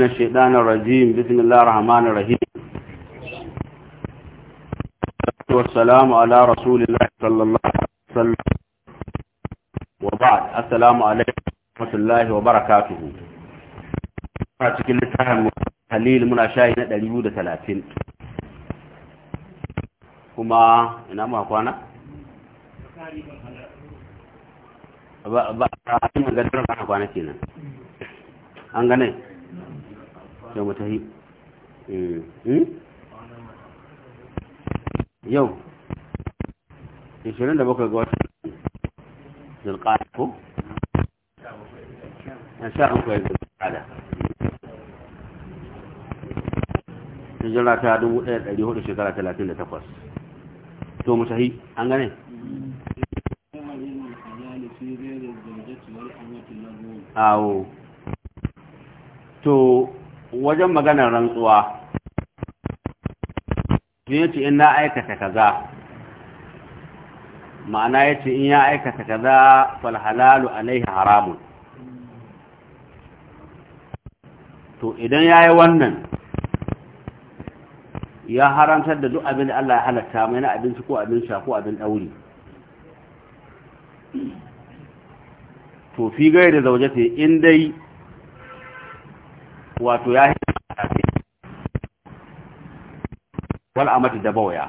من الشيطان الرجيم بسم الله الرحمن الرحيم والسلام على رسول الله صلى الله عليه وسلم وبعد السلام عليكم ورحمة الله وبركاته فاتك لتهم خليل من أشاهدنا دليود ثلاثين كما إنما أخوانا ba ba a cikin gaddar ba kwanaki nan an gane Eh, hmm? da mu tahi yau 27 ga watan zulqa'ada na sha an koyi zulqa'ada hijira ta 1400 shekara 38 to musahi, an gane to wajen maganar rantsuwa tun ya ce in na aikata kaza ma'ana ya ce in ya aikata kaza falhalalu alaihi haramun to idan ya yi wannan ya haramtar da duk abin da Allah ya halatta mai na abinci ko abin sha ko abin ɗauri to fi gai da zaujata in dai wato ya wal amati da waya.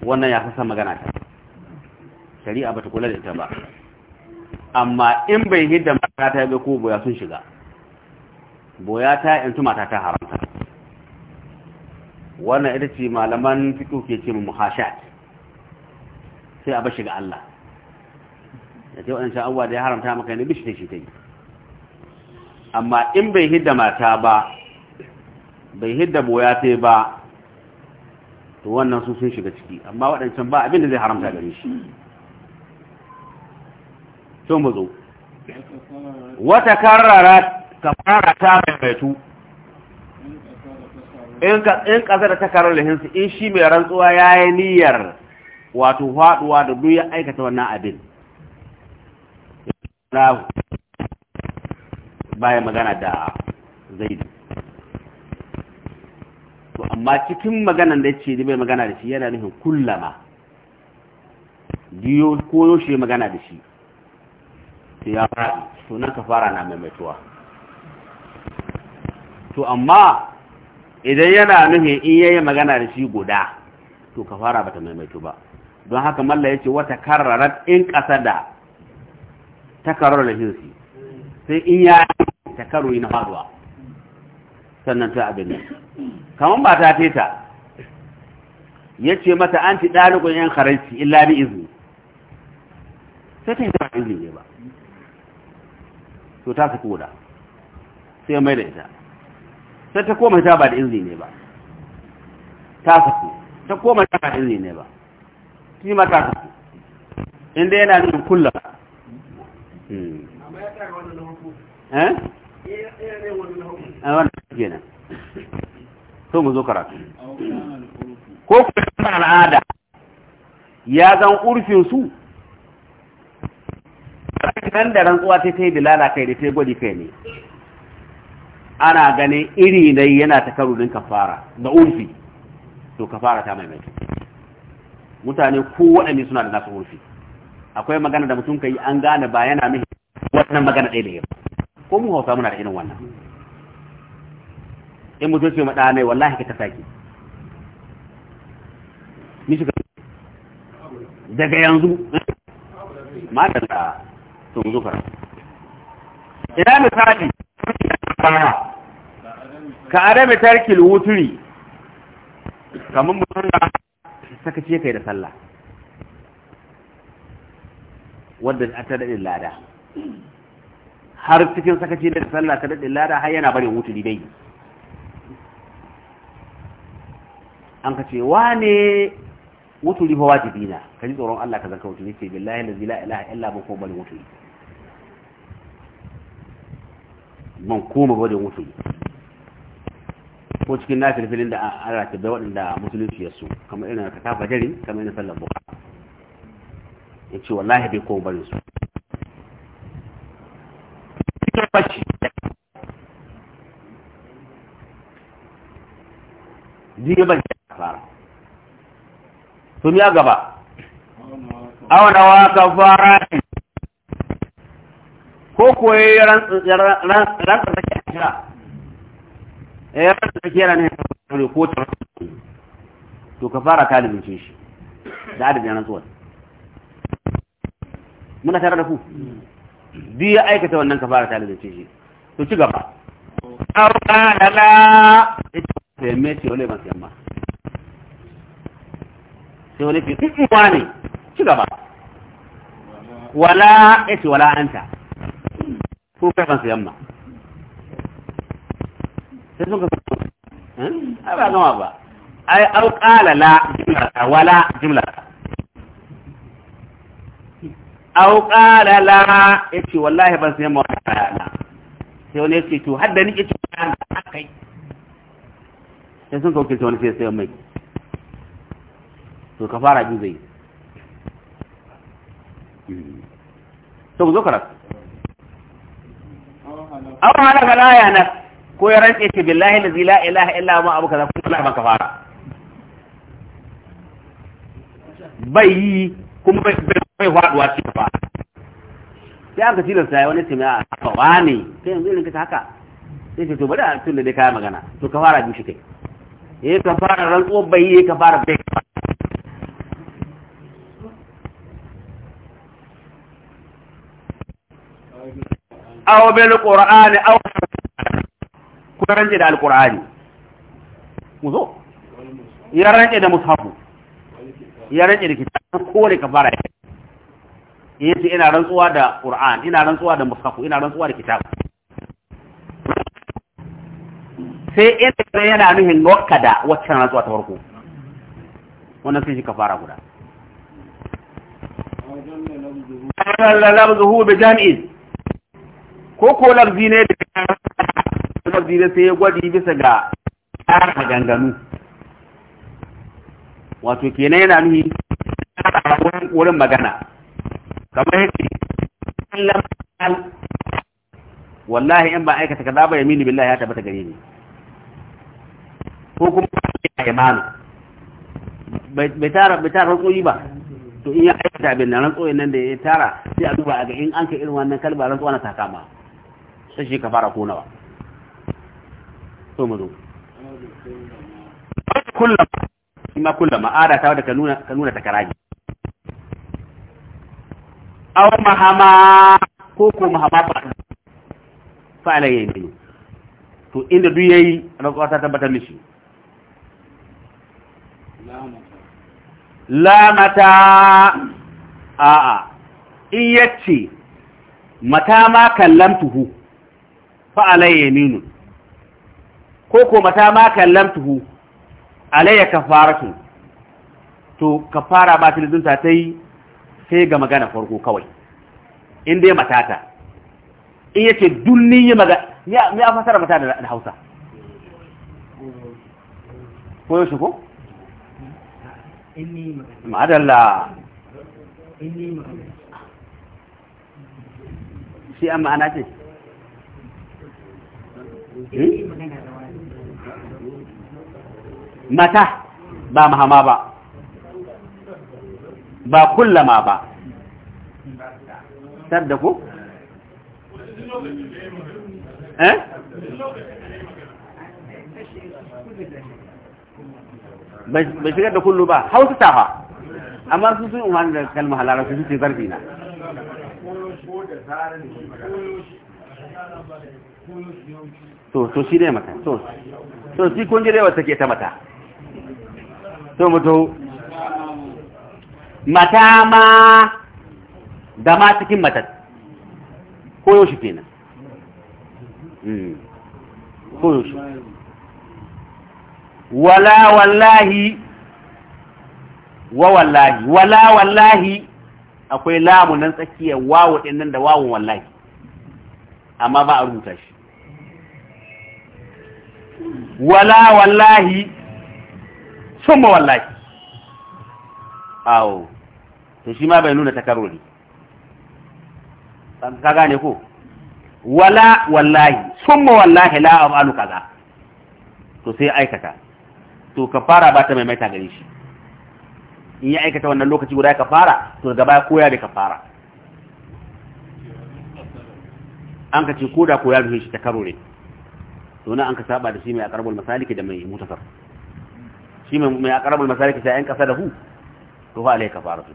wannan ya kasa magana ta shari'a bata kula da ita ba amma in bai hidda mata ta ga ko boya sun shiga boya ta yanzu mata ta haramta wannan ita ce malaman fiqh ke ce muhashat sai a bashi ga Allah da ce waɗancan abuwa da ya haramta maka ne bishi ta shi ta yi amma in bai hidda mata ba bai hidda boya ta ba to wannan su sun shiga ciki amma waɗancan ba abin da zai haramta gare shi sun wata karrara kafara ta baitu in ƙasa da takarar lahinsu in shi mai rantsuwa ya yi niyyar wato haɗuwa da duniya ya aikata wannan abin baya magana da zaidi. amma cikin maganan da ce bai magana da shi yana nufin kullama diyo koyo shi magana da shi to ya faɗi to nan ka fara na maimaituwa to amma idan yana nufin in yayi magana da shi guda to ka fara bata maimaitu ba don haka malla yace wata karrarat in kasada takarar da hinsi sai in ya takarru na faduwa sannan ta abin nan kamar ba ta teta ya ce mata an ci ɗalibin yan karanci illa bi izini sai ta yi ta izini ne ba to ta su koda sai mai da ita sai ta koma ta ba da izini ne ba ta saku ta koma ta ba da izini ne ba shi ma ta saku inda yana nuna kullum hmm. eh? eh a wannan nan. to mu zo karatu ko kuma al'ada ya zan urfin su nan da rantsuwa ta ta yi bilala kai da ta gwadi kai ne ana ganin iri na yana ta karunin kafara da urfi to kafara ta maimaita. mutane ko waɗanne suna da nasu urfi akwai magana da mutum ka yi an gane ba yana mihi wannan magana ɗaya da yau ko mu hausa muna da irin wannan in mutum ce maɗa mai wallahi ka ta sake daga yanzu matan da sun zufa ina misali ka adami tarkil wuturi kamar mutum na ce kai da sallah wadda a ta daɗin lada har cikin sakaci da sallah ta daɗin lada har yana barin wuturi dai an ka ce ne wuturi fa wajibi na ka ji tsoron Allah ka zanka wuturi ce billahi la ilaha illa ba ko bari wuturi man koma bari wuturi ko cikin na filin da an bai waɗanda musulunci ya so kamar irin ka kafa jari kamar irin sallar buka ya ce wallahi bai koma bari su Diga bacci sun ya gaba awana wa kafara ko koyi rantsar da ke ashira ya rantsar da ke ranar ne ko ta to ka fara talibin shi da adadin rantsuwar muna tare da ku duk ya aikata wannan kafara ta talibin shi to ci gaba. Awa da la ita ta mai ce wale masu yamma. sai wani ce mm, mm, wa ne ci gaba wala ya ce wala an ta ko kai kansu yamma sai sun ka eh? a ba gama ba ai au qala la jumlata wala jumlata au qala la yace wallahi ban su yamma wata rana sai wani ce to hadda nike ci kai sai sun kauke wani sai sai yi to ka fara ji zai to ku zo rasu aw hana fa laya na ko ya rantse ce billahi na zila ilaha illa ma abu kaza kuma ba ka fara bai yi kuma bai bai faduwa ce fara sai ka tilasta ya wani ce mai a ba ne kai yanzu irin ka haka sai ce to bada tun da dai kaya magana to ka fara biyu shi kai eh ka fara rantsuwar bai yi ka fara bai aw bil qur'ani aw ku da alqur'ani ya ranje da mushafu ya da kitabu ko da kafara yace ina rantsuwa da qur'an ina rantsuwa da mushafu ina rantsuwa da kitabu sai ina yana nuhin wacce na rantsuwa ta farko wannan sai shi kafara guda. ko ko larzi ne da larzi ne sai ya gwadi bisa ga tsara maganganu wato kenan yana nuhi wurin magana kamar yake wallahi in ba aikata ka ba yamini billahi ya tabbata gare ni ko kuma ya imanu bai tara bai tara rantsoyi ba to in ya aikata abin da rantsoyin nan da ya tara sai a duba a ga in an ka irin wannan kalba rantsuwa na takama sai shi ka fara konawa so mu zo kullum ma kullum ma'ada ta wadda ka nuna ka nuna ta karaji aw mahama ko ko mahama fa fa alayhi ne to inda duk yayi rantsuwa ta tabbatar mishi la mata a a in yace mata ma kallamtuhu fa alayya yaminu ko ko mata ma kallamtuhu alayya su, to ka fara ba ta lizunta ta yi sai ga magana farko kawai in dai matata in yake dunni yi magana me a fasara mata da Hausa ko yaushe ko madalla shi an ma'ana ce Eh? mata ba mahama ba ba kullama ba sadda ko? eh? bai shigar da kullu ba hausa tafa amma su sun umarni da kalma halara su ce zarfi na to to shi dai mata to to shi kun ji dai wata ke ta mata to mu mata ma da ma cikin mata ko yau shi kenan hmm. ko yau shi wala wallahi wa wallahi wala wallahi akwai lamunan tsakiyar wawo ɗin nan da wawon wallahi amma ba a rubuta shi wala wallahi summa wallahi awo to shi ma bai nuna takaruri ka gane ko wala wallahi summa wallahi la amalu kaza to sai aikata to kafara ba ta mai maita gare shi in ya aikata wannan lokaci guda ka fara to daga baya koya da fara an ka ce koda koya da shi ta karo ne to na an ka saba da shi mai akarbul masaliki da mai mutasar shi mai akarbul masaliki sai an kasa da hu to fa alai kafaratu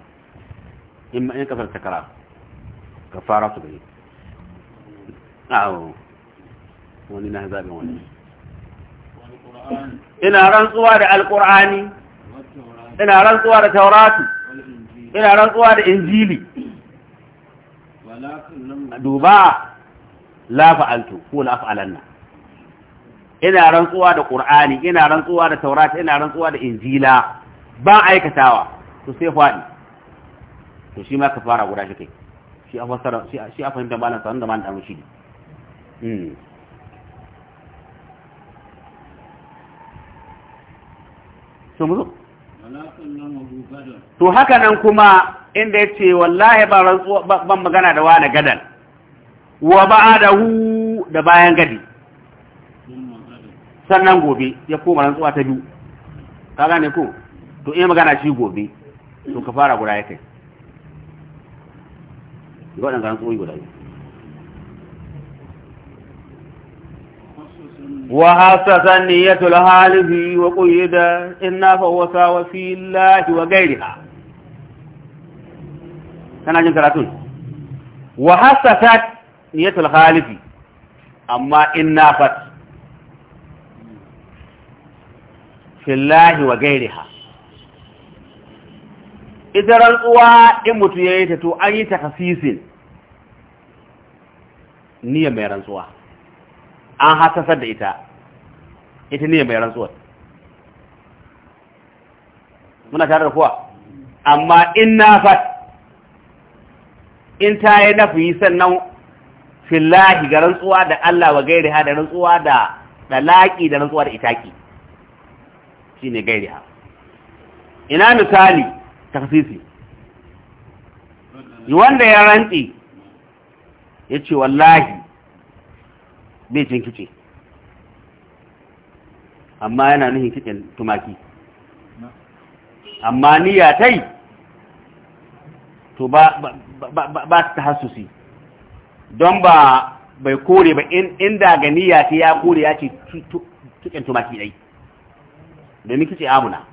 in in kasar takara kafaratu bai awo wani na zabe wani ina rantsuwa da alqur'ani ina rantsuwa da tauratu ina rantsuwa da injili duba la fa'altu ko la fa'alanna ina rantsuwa da qur'ani ina rantsuwa da taurata ina rantsuwa da injila ba aikatawa to sai fadi to shi ma kafara guda shi kai shi a fasara shi a fahimta malam sanan da malam dan shi mm so mu to haka nan kuma inda ya ce wallahi ban magana da wani gadan wa ba'adahu da bayan gadi sannan gobe ya koma nan tsuwa ta biyu ka gane ko to iya magana shi gobe to ka fara guda ya kai ga waɗanda ran tsohi guda wa hasa sanni ya tula halifi wa ƙoyi da ina fawasa wa fi lahi wa gairi ha kana jin karatun wa hasa sanni ya tula halifi amma ina fata fillahi wa ha ita rantsuwa in mutu ya yi ta to an yi takasisin niyya mai rantsuwa an hasasar da ita ita niyya mai rantsuwa muna tare da kuwa amma in na fat in ta yi nafi sannan fillahi ga rantsuwa da Allah wa ha da rantsuwa da ɗalaƙi da rantsuwa da itaƙi shine gairiha ina misali taksisi wanda ya rantsi ya ce wallahi bai cin kice amma yana nuhin kicin tumaki amma niyya ta yi to ba ta hasusi don ba bai kore ba inda ga niyya ta ya kore ya ce tukin tumaki dai da domin ce amuna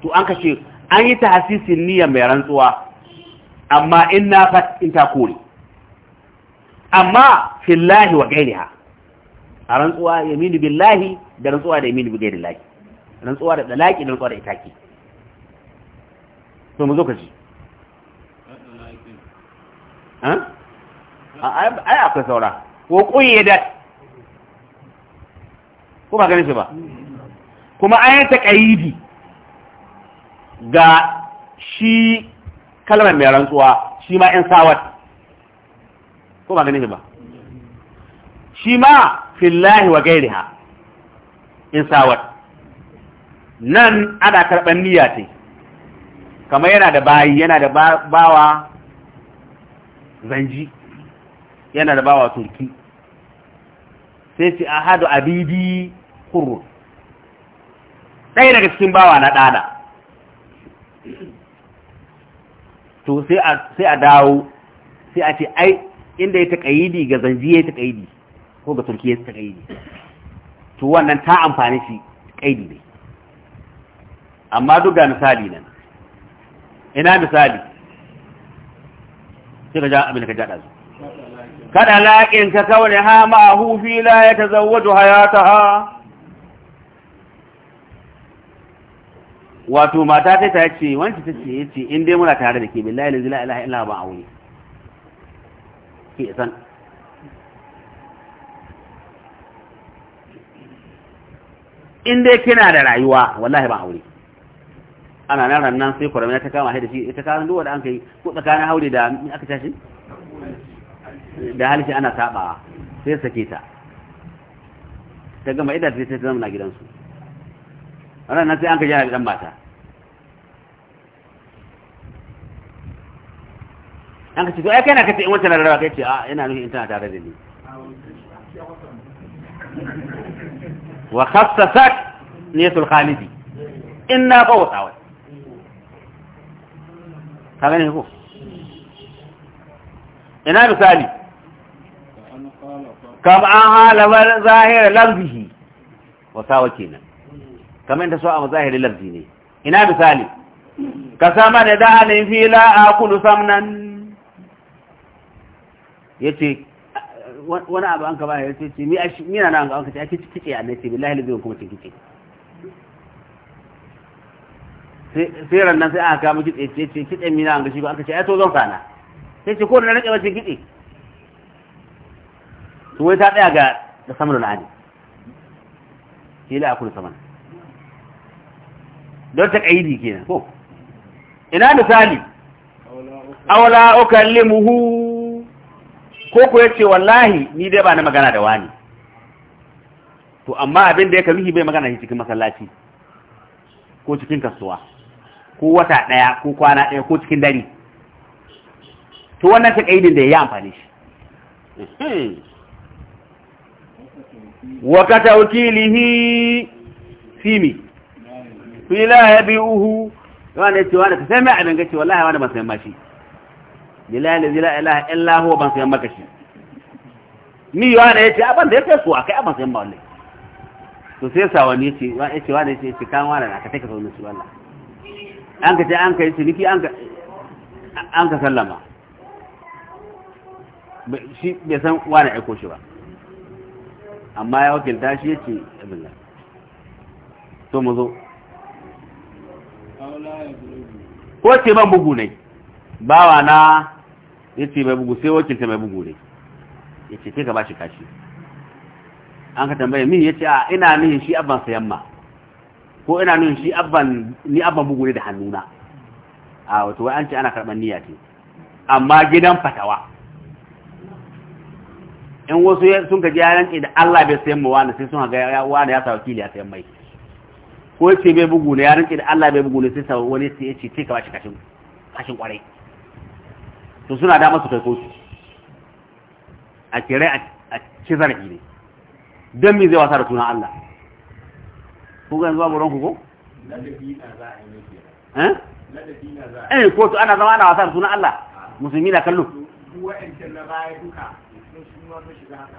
to an kashe an yi ta niyya mai rantsuwa amma in na fat in ta kore amma fillahi wa gairiha a rantsuwa yaminu billahi da rantsuwa da yaminu bi gairi rantsuwa da dalaki da rantsuwa da itaki to mu zo ka ha ai akwai saura ko da ko ba ganin shi ba kuma an yi ga shi kalmar mai rantsuwa shi ma in sawat ko ba ganin shi ba shi ma fillahi wa gairiha in sawat nan ana karban niyya ce kamar yana da bayi yana da bawa zanji yana da bawa turki sai ce a hadu abidi kurru ɗaya daga cikin bawa na ɗana to sai a dawo sai a ce ai inda ya taƙa'idi, ga zanji ya taƙa'idi, ko ga turki ya taƙa'idi, to wannan ta amfani shi ƙaidi ne amma duk ga misali nan ina misali sai ka ja abin da ka jaɗa su kada laƙin ka kawai ha ma'ahu fi la ya ta zawwaju ta ha wato mata ta ta ce wanci ta ce yace in dai muna tare da ke billahi la ilaha illa ba aure ke san in dai kina da rayuwa wallahi ba aure ana nan rannan sai kurami ta kama haida shi ita kan duwa da an kai ko tsakanin haure da aka tashi da halishi ana sabawa sai sake ta ta gama idan sai ta zama na gidansu ولا نسي أنك جاء بذنباتها أنك تقول أكي أنك تقول أنك تقول أنك تقول أنك تقول أنك تقول وخصصك نية الخالدي إنا قوت أول خلاني نقول إنا مثالي كما أهال والظاهر لغبه وساوكينا kamar ta so a mazahiri lafzi ne ina misali ka sama da da'anin fila a kudu samunan ya ce wani abu an ka baya ya ce ce mina na an ka ce ake cikike a nace bin lahilin zai kuma cin kice sai rannan sai aka kama kitse ce ce kitse mina an gashi ba an ka ce ai to zan sana sai ce kodin na rike ba ce kitse to wai ta tsaya ga samun la'ani fila a kudu samunan don ta ƙaidi kenan ko ina misali awala muhu ko ku yace wallahi ni dai ba na magana da wani to amma abin da ya kamihi bai magana cikin masallaci ko cikin kasuwa ko wata daya ko kwana daya ko cikin dare to wannan ta ƙaidin da ya yi amfani shi wa katawkilihi simi. fi la yabi'uhu wanda yace wanda sai mai abin gace wallahi wanda ban sayan ma shi billahi la ilaha illa huwa ban maka shi ni yace aban da yake so akai aban ba wallahi to sai yace wanda yace wanda yace kan na take su wallahi an ka ce an ka yace niki an ka an ka sallama shi bai san wani aiko shi ba amma ya wakilta shi yace abin to mu zo ko ce ban bugu ne bawa na yace mai bugu sai wakilta mai bugu ne yace sai ka bashi kashi an ka tambaye min yace a ina nuhin shi abban sayamma ko ina nuhin shi abban ni abban bugu ne da hannuna a wato wai an ce ana karban niyya ce amma gidan fatawa in wasu sun ka ji ya da Allah bai sayan mu wani sai sun ga wani ya sa wakili ya sayan mai ko ce bai bugu ne ya rinke da Allah bai bugu ne sai sa wani sai ya ce ce ka shi kashin kashin kwarai to suna da masu kai kotu a kire a ci zarafi ne don me zai wasa da tunan Allah ko ga zuwa babu ku ko eh, eh to ana zama ana wasa da tunan Allah ah. musulmi na kallo wa'ancan na baya duka sun shi ma shiga haka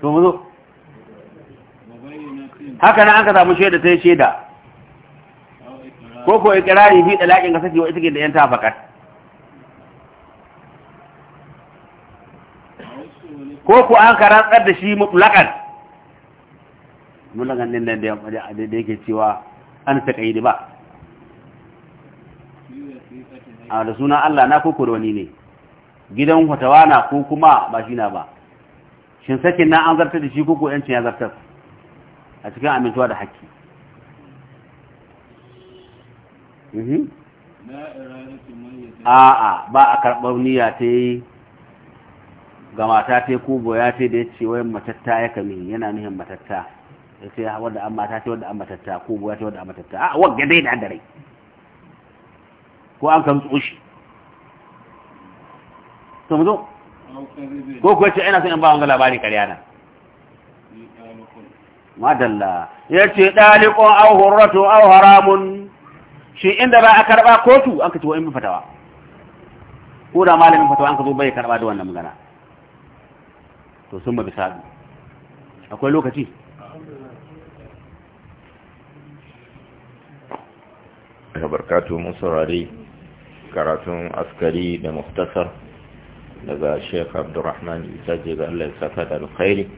to mu zo haka nan aka samu shaida sai shaida ko ko ikirari fi dalakin ka wa ita da yan tafakat ko ko an karantsar da shi mutlakan mun din nan da yake cewa an da ba a da suna Allah na koko da wani ne gidan na ko kuma ba shi na ba shin sakin na an zartar da shi ko ko yancin ya zartar a cikin amintuwa da haƙƙi mhm. a'a ba a karɓar niyya ta yi ga mata ta kubo ya ce da ya ce wayan matatta ya kami yana nuhin matatta ya ce ah, wadda an mata ta wadda an matatta kubo ya ce wadda an matatta a wadda dai da dare ko an kan tsoshi to zo ko kuwa ce ina sun in ba wanga labari ƙarya na madalla ya ce ɗalikon au horrato au haramun shi inda ba a karɓa kotu an ka ci wa'in bi fatawa ko da malamin fatawa an ka zo bai karɓa da wannan magana to sun ba bisa akwai lokaci barkatu mun saurari karatun askari da muftasar daga Sheikh Abdulrahman Isa ga Allah ya saka da alkhairi